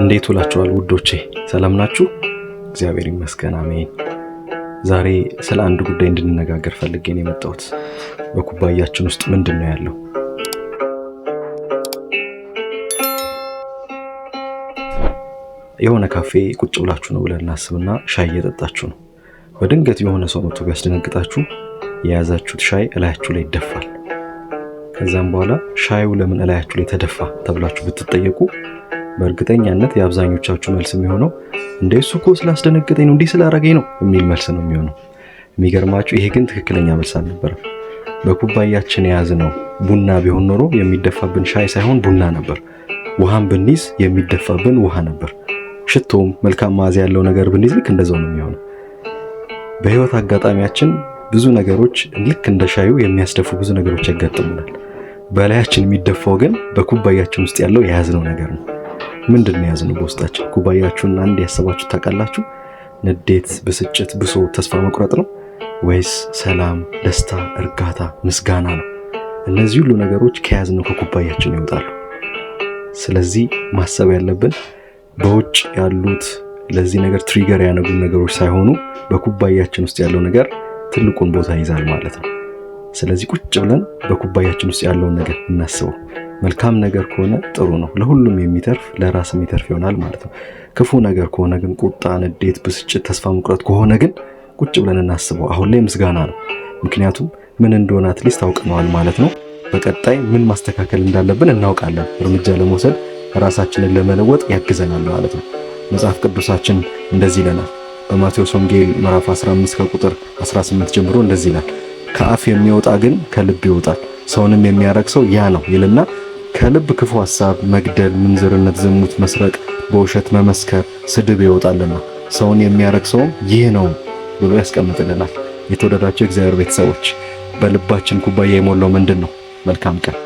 እንዴት ውላችኋል ውዶቼ? ሰላም ናችሁ? እግዚአብሔር ይመስገን አሜን። ዛሬ ስለ አንድ ጉዳይ እንድንነጋገር ፈልጌ ነው የመጣሁት። በኩባያችን ውስጥ ምንድን ነው ያለው? የሆነ ካፌ ቁጭ ብላችሁ ነው ብለን እናስብና ሻይ እየጠጣችሁ ነው። በድንገት የሆነ ሰው መጥቶ ቢያስደነግጣችሁ የያዛችሁት ሻይ እላያችሁ ላይ ይደፋል። ከዛም በኋላ ሻዩ ለምን እላያችሁ ላይ ተደፋ ተብላችሁ ብትጠየቁ በእርግጠኛነት የአብዛኞቻችሁ መልስ የሚሆነው እንደ እሱ እኮ ስላስደነገጠኝ ነው እንዲህ ስላረገኝ ነው የሚል መልስ ነው የሚሆነው። የሚገርማችሁ ይሄ ግን ትክክለኛ መልስ አልነበረም። በኩባያችን የያዝነው ቡና ቢሆን ኖሮ የሚደፋብን ሻይ ሳይሆን ቡና ነበር። ውሃም ብንይዝ የሚደፋብን ውሃ ነበር። ሽቶም መልካም መዓዛ ያለው ነገር ብንይዝ ልክ እንደዛው ነው የሚሆነው። በህይወት አጋጣሚያችን ብዙ ነገሮች ልክ እንደ ሻዩ የሚያስደፉ ብዙ ነገሮች ያጋጥሙናል። በላያችን የሚደፋው ግን በኩባያችን ውስጥ ያለው የያዝነው ነገር ነው። ምንድን ነው የያዝነው በውስጣችን? ኩባያችሁን አንድ ያሰባችሁ ታውቃላችሁ? ንዴት፣ ብስጭት፣ ብሶ፣ ተስፋ መቁረጥ ነው ወይስ ሰላም፣ ደስታ፣ እርጋታ፣ ምስጋና ነው? እነዚህ ሁሉ ነገሮች ከያዝነው ከኩባያችን ይወጣሉ። ስለዚህ ማሰብ ያለብን በውጭ ያሉት ለዚህ ነገር ትሪገር ያነጉ ነገሮች ሳይሆኑ በኩባያችን ውስጥ ያለው ነገር ትልቁን ቦታ ይዛል ማለት ነው። ስለዚህ ቁጭ ብለን በኩባያችን ውስጥ ያለውን ነገር እናስበው። መልካም ነገር ከሆነ ጥሩ ነው፣ ለሁሉም የሚተርፍ ለራስ የሚተርፍ ይሆናል ማለት ነው። ክፉ ነገር ከሆነ ግን ቁጣ፣ ንዴት፣ ብስጭት፣ ተስፋ መቁረጥ ከሆነ ግን ቁጭ ብለን እናስበው። አሁን ላይ ምስጋና ነው፣ ምክንያቱም ምን እንደሆነ አትሊስት አውቅነዋል ማለት ነው። በቀጣይ ምን ማስተካከል እንዳለብን እናውቃለን። እርምጃ ለመውሰድ ራሳችንን ለመለወጥ ያግዘናል ማለት ነው። መጽሐፍ ቅዱሳችን እንደዚህ ይለናል። በማቴዎስ ወንጌል ምዕራፍ 15 ከቁጥር 18 ጀምሮ እንደዚህ ይላል ከአፍ የሚወጣ ግን ከልብ ይወጣል፣ ሰውንም የሚያረክሰው ያ ነው ይልና ከልብ ክፉ ሐሳብ፣ መግደል፣ ምንዝርነት፣ ዝሙት፣ መስረቅ፣ በውሸት መመስከር፣ ስድብ ይወጣልና ሰውን የሚያረክሰውም ይህ ነው ብሎ ያስቀምጥልናል። የተወደዳቸው እግዚአብሔር ቤተሰቦች በልባችን ኩባያ የሞላው ምንድን ነው? መልካም ቀን